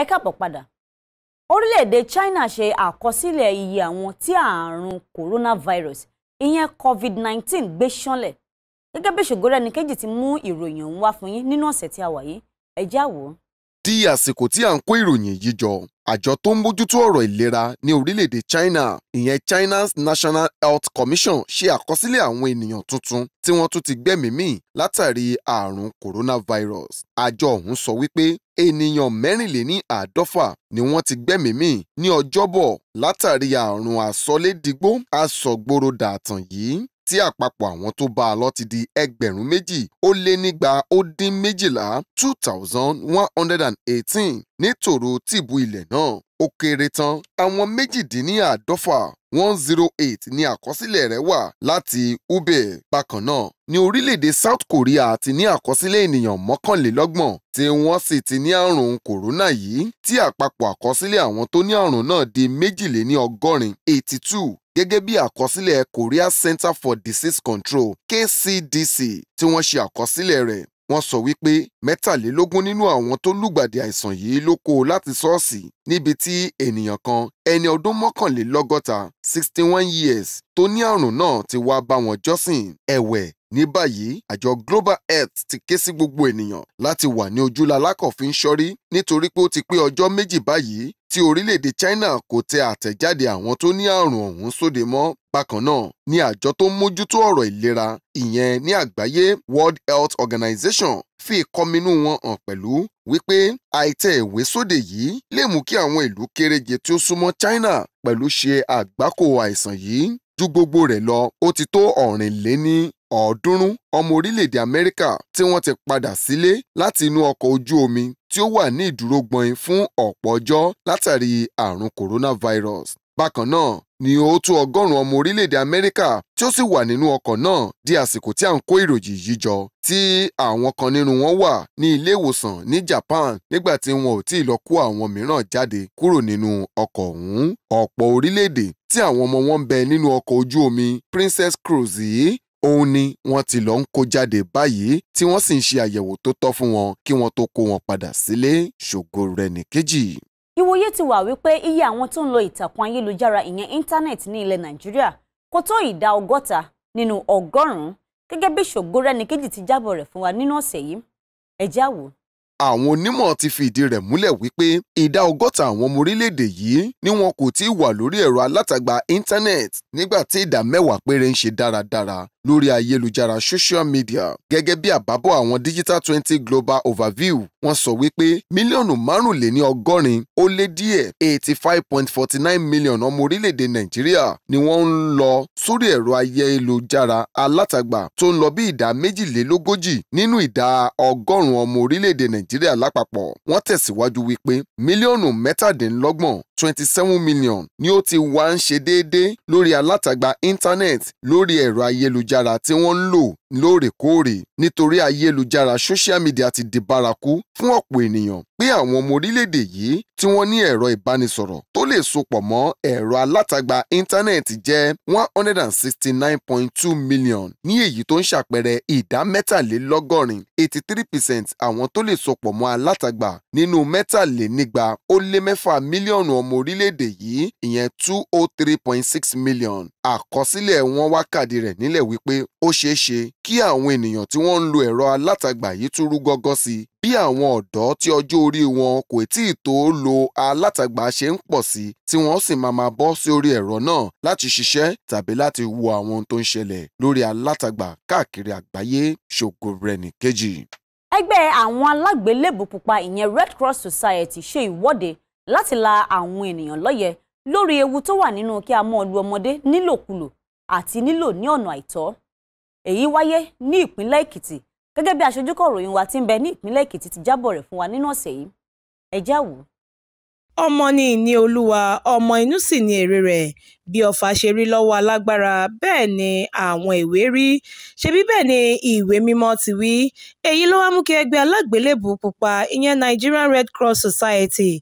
ẹ káàbọ̀ padà orílẹ̀-èdè China ṣe àkọsílẹ̀ iye àwọn tí ààrùn coronavirus ìyẹn COVID-19 gbé ṣánlẹ̀ gẹ́gẹ́ bí ṣògo rẹ̀ ní kejì ti mú ìròyìn ọ̀hún wá fún yín nínú ọ̀sẹ̀ tí a wà yìí ẹ já di àsìkò tí à ń kó ìròyìn yìí jọ àjọ tó ń bójútó ọ̀rọ̀ ìlera ní orílẹ̀-èdè China ìyẹn China's National Health Commission ṣe àkọsílẹ̀ àwọn ènìyàn tuntun tí wọ́n tún ti gbẹ́mìí mì látàrí àrùn coronavirus àjọ ọ̀hún sọ wípé ènìyàn mẹ́rìnléní àádọ́fà ni wọ́n ti gbẹ́mìí mì ní ọjọ́bọ̀ látàrí àrùn àsọlédìgbò àsọgbòrò dàtàn yìí tí àpapọ̀ àwọn tó bá a lọ ti di ẹgbẹ̀rún méjì ó lé nígba ó dín méjìlá two thousand one hundred and eighteen nítòrò tìbú ilẹ̀ náà ó kéré tán àwọn méjìdínláàádọ́fà one zero eight ní àkọsílẹ̀ rẹ̀ wà láti Hubei bákan náà ní orílẹ̀-èdè South Korea ti ní àkọsílẹ̀ ènìyàn mọ́kànlélọ́gbọ̀n tí wọ́n sì ti ní àrùn kòrónà yìí tí àpapọ̀ àkọsílẹ̀ àwọn tó ní àrùn náà di méjìléní ọgọ́rin eighty two gẹ́gẹ́ bí àkọsílẹ̀ Korea Center for Disease Control KCDC tí wọ́n ṣe àkọsílẹ̀ rẹ̀ wọ́n sọ wípé mẹ́tàlélógún nínú àwọn tó lùgbàdì àìsàn yìí ló kó o láti ṣọ́ọ̀ṣì níbi tí ènìyàn kan ẹni ọdún mọ́kànlélọ́gọ́ta sixty one years tó ní àrùn náà ti wá bá wọn jọ́sìn ẹ̀wẹ̀ ní báyìí àjọ global health ti ké sí gbogbo ènìyàn láti wà ní ojúlá alákọ̀ọ́fín ṣọ́rí nítorí pé ó ti pé ọjọ́ méjì báyìí tí orílẹ̀-èdè China kò tẹ àtẹ̀jáde àwọn tó ní àrùn ọ̀hún sóde mọ́ bákan náà ní àjọ tó ń mójútó ọ̀rọ̀ ìlera ìyẹn ní àgbáyé World Health Organization fi ìkọminú wọn hàn pẹ̀lú wípé àìtẹ ìwé sóde yìí lè mú kí àwọn ìlú kéréje tí ó súnmọ́ China pẹ̀lú ṣe àgbákò àìsàn yìí ju gbogbo rẹ̀ lọ ó ti tó ọ̀rìnléní ọ̀ọ́dúnrún ọmọ orílẹ̀-èdè amẹ́ríkà tí wọ́n ti padà sílé láti inú ọkọ̀ ojú omi tí ó wà ní ìdúró gbọ̀nyìn fún ọ̀pọ̀ ọjọ́ látàrí àrùn coronavirus. bákan náà ni ó tó ọgọ́rùn-ún ọmọ orílẹ̀-èdè amẹ́ríkà tí ó sì wà nínú ọkọ̀ náà di àsìkò tí à ń kó ìròyìn yìí jọ tí àwọn kan nínú wọn wà ní ilé ìwòsàn ní Japan nígbà tí wọn ò tí ì lọ kó àwọn mìíràn jáde kúrò nínú ọkọ̀ ọ̀hún ọ̀pọ̀ orílẹ̀-èdè tí àwọn ọmọ wọn ń bẹ nínú ọkọ̀ ojú omi Princess Cruise yìí òun ni wọ́n ti lọ ń kó jáde báyìí tí wọ́n sì ń ṣe àyẹ̀wò tó tọ́ fún wọn kí wọ́n tó kó wọn padà sílé ṣògo rẹ̀ nìkejì. ìwòye ti wà wípé iye àwọn tó ń lo ìtàkùn ayélujára ìyẹn íńtánẹ́ẹ̀tì ní ilẹ̀ nàìjíríà kò tó ìdá ọgọ́ta nínú ọgọ́rùn-ún gẹ́gẹ́ bí ṣògo rẹ̀ nìkejì ti jábọ̀ rẹ̀ fún wa nínú ọ̀sẹ̀ yìí ẹ já àwọn onímọ̀ ti fi ìdí rẹ̀ múlẹ̀ wípé ìdá ọgọ́ta àwọn ọmọ orílẹ̀-èdè yìí ni wọn kò tí ì wà lórí ẹ̀rọ alátagbà íńtánẹ́ẹ̀tì nígbà tí ìdá mẹ́wàá péré ń ṣe dáradára lórí ayélujára social media. gẹ́gẹ́ bí àbábọ̀ àwọn digital twenty global overview wọ́n sọ wípé mílíọ̀nù márùnléní ọgọ́rin ó lé díẹ̀ eighty five point forty nine million ọmọ orílẹ̀-èdè nàìjíríà ni wọ́n ń lọ sórí ẹ̀rọ ayélujára alátagbà tó ń lọ bí ìdá méjìlélógójì nínú ìdá ọgọ́rùn-ún ọmọ orílẹ̀-èdè nàìjíríà lápapọ̀ wọ́n tẹ̀síwájú wípé mílíọ̀nù mẹ́tàdínlọ́gbọ̀n twenty seven million ni ó ti wá ń ṣe déédéé lórí alátagbà íńtánẹ́ẹ̀tì lórí ẹ̀rọ ayélujára ayélujára tí wọ́n ń lò lóòrèkóòrè nítorí ayélujára social media ti di bárakú fún ọ̀pọ̀ ènìyàn pé àwọn ọmọ orílẹ̀-èdè yìí tí wọ́n ní ẹ̀rọ ìbánisọ̀rọ̀ tó lè sopọ̀ mọ́ ẹ̀rọ alátagbà íńtánẹ́ẹ̀tì jẹ́ one hundred and sixty nine point two million ní èyí tó ń ṣàpẹẹrẹ ìdá mẹ́tàlélọ́gọ́rin eighty three percent àwọn tó lè sopọ̀ mọ́ alátagbà nínú mẹ́tàlénígba ó lé mẹ́fà mílíọ̀nù ọmọ orílẹ̀-èdè yìí ìyẹn two oh three point six million àkọsílẹ̀ wọn wákàdí rẹ̀ nílẹ̀ wípé ó ṣeé ṣe kí àwọn ènìyàn tí wọ́n ń lo ẹ̀rọ alátagbà yìí tún rú gọ́gọ́ sí bí àwọn ọ̀dọ́ tí ọjọ́ orí wọn kò tíì tó lo alátagbà ṣe ń pọ̀ sí tí wọ́n sì máa máa bọ́ sí orí ẹ̀rọ náà láti ṣiṣẹ́ tàbí láti wo àwọn ohun tó ń ṣẹlẹ̀ lórí alátagbà káàkiri àgbáyé ṣògo rẹ̀ nìkejì. ẹgbẹ́ àwọn alágbélébùú pupa ìyẹn Red Cross Society ṣe ìwọ́de láti la àwọn ènìyàn lọ́yẹ̀ lórí ewu tó wà nínú kí a mọ́ lu ọmọdé nílòkulò àti nílò ní ọ̀nà àìtọ́ èyí wáyé ní ìpínlẹ̀ Èkìtì gẹ́gẹ́ bí aṣojúkọ̀ ròyìn wa ti ń bẹ ní ìpínlẹ̀ Èkìtì ti jábọ̀ rẹ̀ fún wa nínú ọ̀sẹ̀ yìí ẹ jáwòó ọmọ ní ìní olúwa ọmọ inú sì ni èrè rẹ̀ bí ọfà ṣe rí lọ́wọ́ alágbára bẹ́ẹ̀ ni àwọn ìwé rí ṣebí bẹ́ẹ̀ ni ìwé mímọ́ ti wí èyí ló wá mú kí ẹgbẹ́ alágbélébù pupa ìyẹn Nigerian Red Cross Society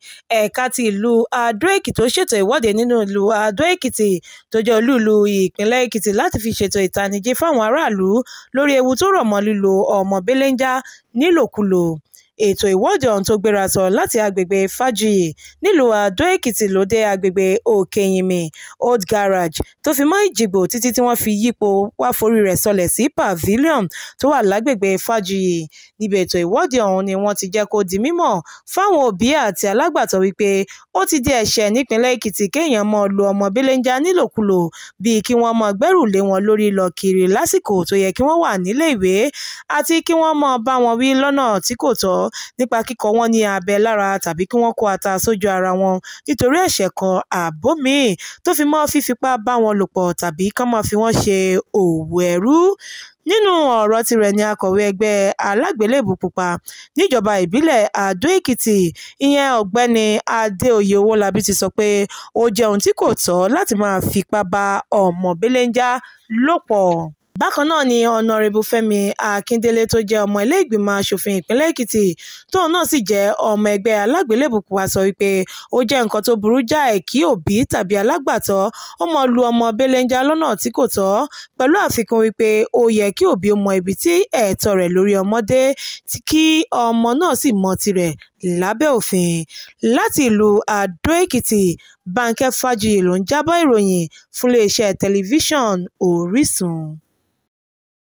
ẹ̀ka ti ìlú Adó-Èkìtì tó ṣètò ìwọ́de nínú ìlú Adó-Èkìtì tó jẹ́ olúìlú ìpínlẹ̀ Èkìtì láti fi ṣètò ìtanijí fáwọn aráàlú lórí ewu tó rọ̀ mọ́ lílo ọmọ belenja nílòkulò ètò ìwọ́de ọ̀hún tó gbéra sọ láti agbègbè fájuyì nílùú àdó-èkìtì ló dé agbègbè òkè old garage tó fi mọ́ ìjìgbò títí tí wọ́n fi yípo wá forí rẹ̀ sọlẹ̀ sí pavilion tó wà lágbègbè fájuyì níbi ètò ìwọ́de ọ̀hún ni wọ́n ti jẹ́ kó di mímọ̀ fáwọn òbí àti alágbàtọ́ wípé ó ti di ẹ̀ṣẹ̀ nípínlẹ̀ èkìtì kéèyàn mọ́ lu ọmọ belenja nílòkulò bíi kí wọ́n mọ́ gbẹ́rù lé wọn lórí lọ kiri lásìkò tó yẹ kí wọ́n wà níléèwé àti kí wọ́n mọ́ bá wọn wí lọ́nà tí kò tọ́ nípa kíkọ wọ́n ní abẹ lára tàbí kí wọ́n kó ata sójú ara wọn nítorí ẹ̀ṣẹ̀ kan ààbò míì tó fi mọ́ fífipá bá wọn lò pọ̀ tàbí kán máa fi wọ́n ṣe òwò ẹrú nínú ọ̀rọ̀ tirẹ̀ ni akọ̀wé ẹgbẹ́ alágbélébù pupa níjọba ìbílẹ̀ àdó-èkìtì ìyẹn ọ̀gbẹ́ni adéoyè owólabí ti sọ pé ó jẹ́ ohun tí kò tọ́ láti máa fipá bá ọmọ belenja lò pọ̀ Bákan náà ni Ọ̀nàrẹ́bù Fẹ́mi Akíndélé tó jẹ́ ọmọ ilé ìgbìmọ̀ aṣòfin ìpínlẹ̀ Èkìtì tóun náà sì jẹ́ ọmọ ẹgbẹ́ alágbélébùú wa sọ wípé ó jẹ́ nǹkan tó burú jáì kí òbí tàbí alágbàtọ́ ó máa lu ọmọ bélenja lọ́nà tí kò tọ́, pẹ̀lú àfikún wípé ó yẹ kí òbí ó mọ ibi tí ẹ̀tọ́ rẹ̀ lórí ọmọ kí ọmọ náà sì mọ tirẹ̀ lábẹ́ òfin. Láti ìlú Adó-Èkìtì, Bánkẹ́ Fájuyì ló ń jábọ̀ ìròyìn fún iléeṣẹ́ tẹlifíṣàn Orísun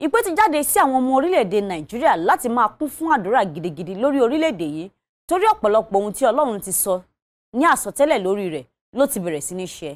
ìpè ti jáde sí àwọn ọmọ orílẹ̀-èdè nàìjíríà láti máa kún fún àdúrà gidigidi lórí orílẹ̀-èdè yìí torí ọ̀pọ̀lọpọ̀ ohun tí ọlọ́run ti sọ ní àsọtẹ́lẹ̀ lórí rẹ̀ ló ti bẹ̀rẹ̀ sí ní ṣe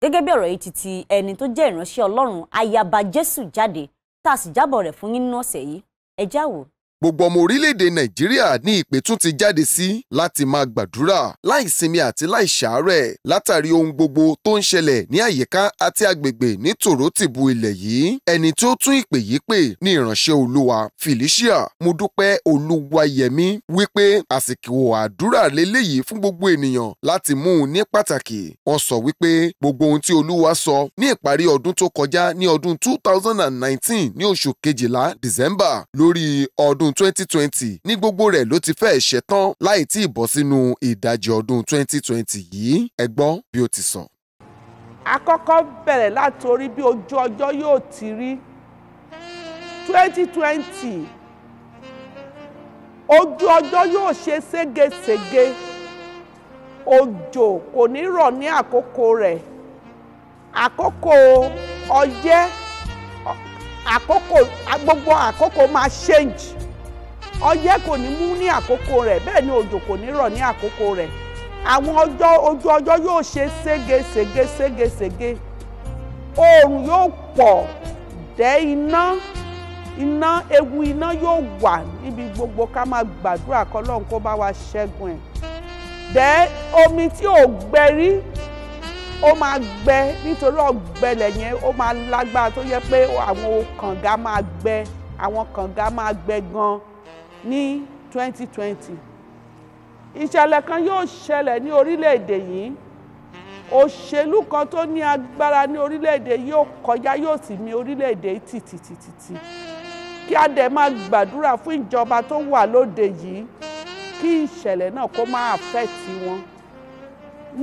gẹ́gẹ́ bí ọ̀rọ̀ yìí ti ti ẹni tó jẹ́ ìránṣẹ́ ọlọ́run ayaba jésù jáde tá a sì jábọ̀ rẹ̀ fún yín nínú ọ̀sẹ̀ yìí ẹ já wò gbogbo ọmọ orílẹ̀-èdè nàìjíríà ní ìpè tún ti jáde sí láti máa gbàdúrà láìsinmi àti láìṣàárẹ̀ látàrí ohun gbogbo tó ń ṣẹlẹ̀ ní àyíká àti agbègbè ní tòrótìbù ilẹ̀ yìí ẹni tí ó tún ìpè yìí pè ní ìránṣẹ́ olúwa felicia mudúpẹ́ olúwayẹmí wípé àsìkò àdúrà lélẹ́yìí fún gbogbo ènìyàn láti mú un ní pàtàkì wọ́n sọ wípé gbogbo ohun tí olúwa sọ ní ìparí ọdún tó kọjá ní ọdún 2019 ní oṣù kejìlá december lórí ọdún twenty twenty ní gbogbo rẹ̀ ló ti fẹ́ẹ̀ ṣetán láì tí ì bọ́ sínú ìdajì ọdún twenty twenty yìí ẹ gbọ́ bí ó ti sọ. àkọ́kọ́ bẹ̀rẹ̀ látorí bí ojú ọjọ́ yóò ti rí twenty twenty ojú ọjọ́ yóò ṣe ségesège òjò kò ní rọ̀ ní àkókò rẹ̀ àkókò ọyẹ́ àkókò gbogbo àkókò máa change ọyẹ́ kò ní mú ní àkókò rẹ̀ bẹ́ẹ̀ ni òjò kò ní rọ̀ ní àkókò rẹ̀ àwọn ọjọ́ ojú ọjọ́ yóò ṣe ségesègesègesège oòrùn yóò pọ̀ dẹ́ iná iná ewu iná yóò wà níbi gbogbo ká máa gbàdúrà kọ́lọ́run kó bá wa ṣẹ́gun ẹ̀ dẹ́ omi tí ò gbẹ rí ó máa gbẹ nítorí ọ̀gbẹlẹ̀ yẹn ó máa lágbára tó yẹ pé àwọn kànga máa gbẹ àwọn kànga máa gbẹ gan-an ní 2020 ìṣẹ̀lẹ̀ kan yóò ṣẹlẹ̀ ní orílẹ̀-èdè yìí òṣèlú kan tó ní agbára ní orílẹ̀-èdè yóò kọjá yóò sì mì orílẹ̀-èdè yìí tìtìtìtì kí a dẹ̀ máa gbàdúrà fún ìjọba tó wà lóde yìí kí ìṣẹ̀lẹ̀ náà kó má àfẹ́ẹ̀tì wọn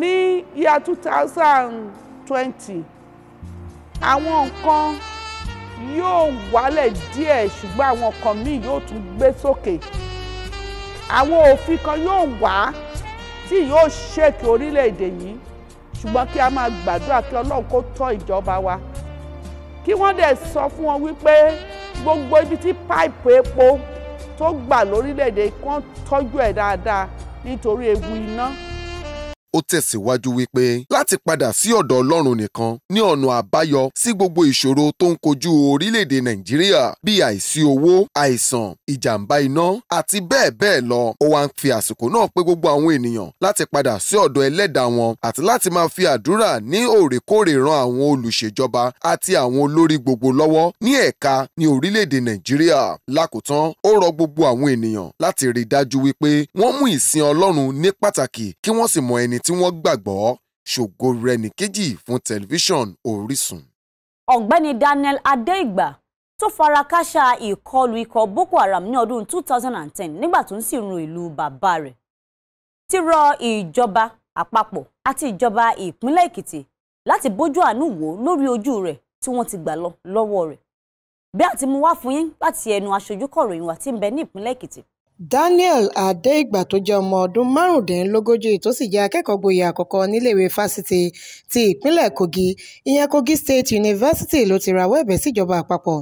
ní year 2020 àwọn nǹkan yóò wálẹ̀ díẹ̀ ṣùgbọ́n àwọn kan míì yóò tún gbé sókè àwọn òfin kan yóò wá tí yóò ṣèkì orílẹ̀-èdè yìí ṣùgbọ́n kí a máa gbàdúrà kí ọlọ́run kó tọ́ ìjọba wa kí wọ́n dẹ̀ sọ fún wọn wípé gbogbo ibi tí páìpù epo tó gbà lórílẹ̀-èdè kan tọ́jú ẹ̀ dáadáa nítorí ewu iná ó tẹ̀síwájú wípé láti padà sí ọ̀dọ̀ ọlọ́run nìkan ní ọ̀nà àbáyọ sí gbogbo ìṣòro tó ń kojú orílẹ̀-èdè nàìjíríà bíi àìsí owó àìsàn ìjàmbá iná àti bẹ́ẹ̀ bẹ́ẹ̀ lọ ó wá ń fi àsìkò náà pé gbogbo àwọn ènìyàn láti padà sí ọ̀dọ̀ ẹlẹ́dàá wọn àti láti máa fi àdúrà ní òrèkóòrè ran àwọn olùṣèjọba àti àwọn olórí gbogbo lọ́wọ́ ní ẹ̀ka ní orílẹ̀-èdè nàìjíríà lákòótán ó rọ gbogbo àwọn ènìyàn láti rí dájú wípé wọ́n mú ìsìn ọlọ́run ní pàtàkì kí wọ́n sì mọ tí wọ́n gbàgbọ́ ṣògo rẹ̀ nìkejì fún tẹlifíṣàn Orísun. ọ̀gbẹ́ni Daniel Adéìgbà tó fara kááṣá ìkọlù ikọ̀ Boko Haram ní ọdún 2010 nígbà tó ń sì run ìlú bàbá rẹ̀ ti rọ ìjọba àpapọ̀ àti ìjọba ìpínlẹ̀ Èkìtì láti bójú àánú wò lórí ojú rẹ̀ tí wọ́n ti gbà lọ lọ́wọ́ rẹ̀ bí àti mú wá fún yín láti ẹnu aṣojú kọ̀ròyìn wa tí ń bẹ ní ìpínlẹ̀ Èkìtì daniel adéìgbà tó jẹ́ ọmọ ọdún márùndínlógójì tó sì jẹ́ akẹ́kọ̀ọ́-gboyè àkọ́kọ́ níléèwé fásitì ti ìpínlẹ̀ kogi ìyẹn kogi state university ló ti rawọ́ ẹ̀bẹ̀ síjọba àpapọ̀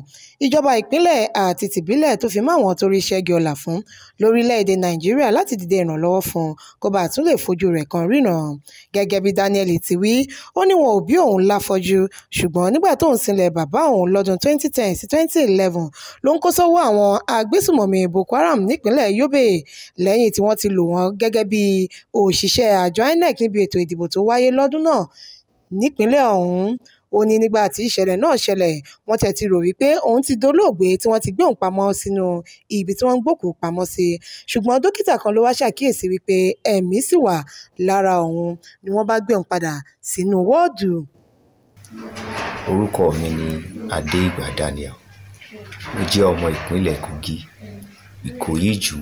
ìjọba ìpínlẹ̀ àti tìbílẹ̀ tó fi mọ́ àwọn tó rí ṣẹ́gi ọ̀la fún lórílẹ̀‐èdè nàìjíríà láti dìde ìrànlọ́wọ́ fún un kó bàa tún lè fojú rẹ̀ kan ríran gẹ́gẹ́ bí daniel ti wí ó ní wọn ò bí òun láfọjú ṣùgbọ́n nígbà tóun sinlẹ̀ bàbá òun lọ́dún 2010 sí 2011 ló ń kó sọ́wọ́ àwọn agbésùmọ̀mí boko haram nípínlẹ̀ ìpínlẹ̀ Yobe lẹ́yìn tí wọ́n ti lò wọ́n gẹ́gẹ́ bí òṣìṣẹ́ àjọ INEC níbi ètò ìdìbò tó wáyé lọ́dún náà nípínlẹ̀ ọ̀hún ó ní nígbà tí ìṣẹ̀lẹ̀ náà ṣẹlẹ̀ wọ́n tẹ̀ ti rò wípé òun ti dolóògbé tí wọ́n ti gbé òun pamọ́ sínú ibi tí wọ́n ń gbókùú pamọ́ sí ṣùgbọ́n dókítà kan ló wá ṣàkíyèsí wípé ẹ̀mí sì wà lára òun ni wọ́n bá gbé òun padà sínú wọ́ọ̀dù. orúkọ mi ni adéìgbà Daniel mo jẹ́ ọmọ ìpínlẹ̀ Kogi Ìkóyìjú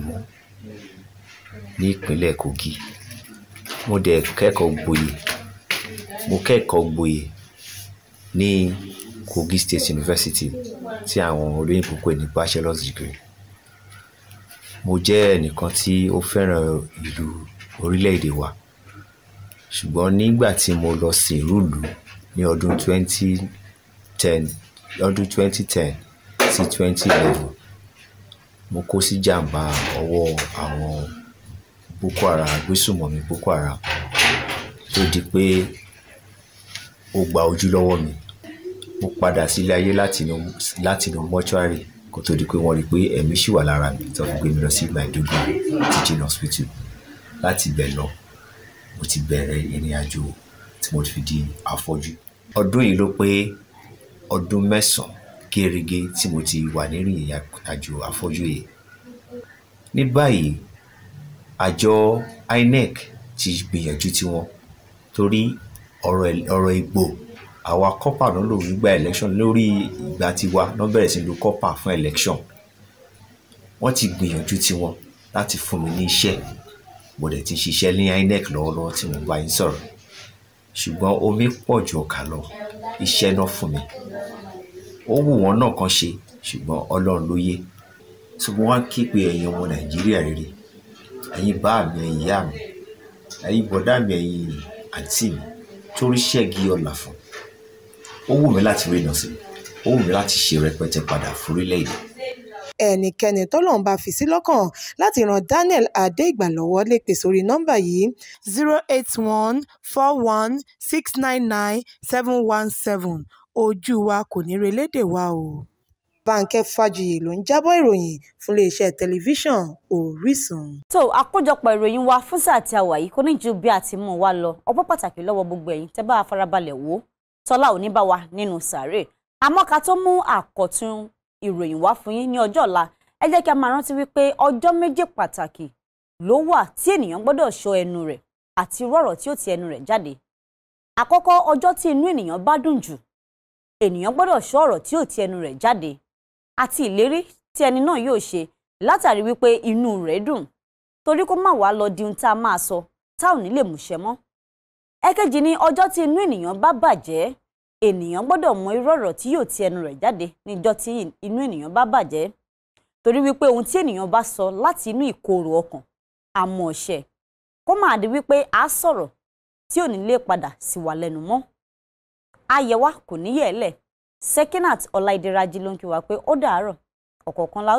ní ìpínlẹ̀ Kogi. Mo dẹ̀ kẹ́kọ̀ọ́ gboyè. Mo kẹ́kọ̀ọ́ gboyè ní Kogi State University tí àwọn olóyìnbo pè ní bachelor's degree. Mo jẹ́ ẹnìkan tí ó fẹ́ràn ìlú orílẹ̀-èdè wa. Ṣùgbọ́n nígbà tí mo lọ sìnrúlu ní ọdún 2010, ọdún 2010 sí 2011, mo kó sí jàǹbá ọwọ́ àwọn boko haram agbésùmọ̀mí boko haram tó di pé ó gba ojú lọ́wọ́ mi mo padà sílé ayé láti inú mọ́ṣúárì kó tó di pé wọ́n rí i pé ẹ̀mí ṣì wà lára mi tó fi gbé mi lọ sí Maiduguri teaching hospital láti ibẹ̀ lọ mo ti bẹ̀rẹ̀ ìrìn àjò tí mo fi di afọ́jú ọdún yìí ló pé ọdún mẹ́sàn-án gérégé tí mo ti wà nírìn àjò àfọ́jú yìí. Ní báyìí, àjọ INEC ti gbìyànjú tiwọn torí ọ̀rọ̀ ìgbò àwa kọ́pà náà lò nígbà election lórí ìgbà tiwa náà bẹ̀rẹ̀ sí lo kọ́pà fún election. Wọ́n ti gbìyànjú tiwọn láti fún mi ní iṣẹ́ mo dẹ̀ ti ṣiṣẹ́ ní INEC lọ́wọ́lọ́wọ́ tí mo bá yín sọ̀rọ̀ ṣùgbọ́n omi pọ̀ ju ọkà lọ iṣẹ́ náà fún mi ó wù wọ́n náà kan ṣe ṣùgbọ́n ọlọ́run ló yé tí wọ́n á ké pe ẹ̀yin ọmọ nàìjíríà rere ẹ̀yin bá mi ẹ̀yin ìyá mi ẹ̀yin bọ̀dá mi ẹ̀yin àǹtí mi torí ṣẹ́gi ọ̀là fún ó wù mí láti rí ìnàsí ó wù mí láti ṣe rẹpẹtẹ padà forílẹ̀-èdè ẹnikẹ́ni tọ́lọ́run bá fi sí lọ́kàn láti ran Daniel Adéìgbàlọ́wọ́ lè pè sórí nọ́mbà yìí zero eight one four one six nine nine seven one seven ojú wa kò ní relédè wa o báńkẹ́ fàjòyè ló ń jábọ̀ ìròyìn fún iléeṣẹ́ tẹlifíṣàn orísun. tó àkójọpọ̀ ìròyìn wa fún sáà tí a wà yìí kò ní ju bí a ti mú wa lọ ọpọ́ pàtàkì lọ́wọ́ gbogbo ẹ̀yin tẹ́ bá a farabalẹ̀ wò ó tọ́lá ò ní bá wa nínú sàárè àmọ́ ká tó mú àkọ́tún ìròyìn wá fún yín ní ọjọ́ ọ̀la ẹ jẹ́ kí a máa rántí wípé ọjọ́ méje pàtàkì ló wà tí ènìyàn gbọ́dọ̀ ṣọ́ ẹnu rẹ̀ àti rọ̀rọ̀ tí ó ti ẹnu rẹ̀ jáde àkọ́kọ́ ọjọ́ tí inú ènìyàn bá dùn jù ènìyàn gbọ́dọ̀ ṣọ́ ọ̀rọ̀ tí ò ti ẹnu rẹ̀ jáde àti ìlérí tí ẹni náà yóò ṣe látàrí wípé inú rẹ̀ dùn torí kó má wàá lọ di ohun tá a máa sọ tá ò ní mọ́. ẹ̀kejì ni ọjọ́ tí inú ènìyàn bá bàjẹ́ ènìyàn gbọ́dọ̀ mọ irú ọ̀rọ̀ tí yóò ti ẹnu rẹ̀ jáde níjọ́ tí inú ènìyàn bá bàjẹ́ torí wípé ohun tí ènìyàn bá sọ láti inú ìkorò ọkàn àmọ́ ọ̀ṣẹ̀ kó máa di wípé a sọ̀rọ̀ tí ò ní lè padà sí wa lẹ́nu mọ́ ayẹwa kò níyẹ̀ẹ́lẹ̀ Sekinat Ọláìdíraji ló ń kí wa pé ó dàárọ̀ ọ̀kọ̀ọ̀kan la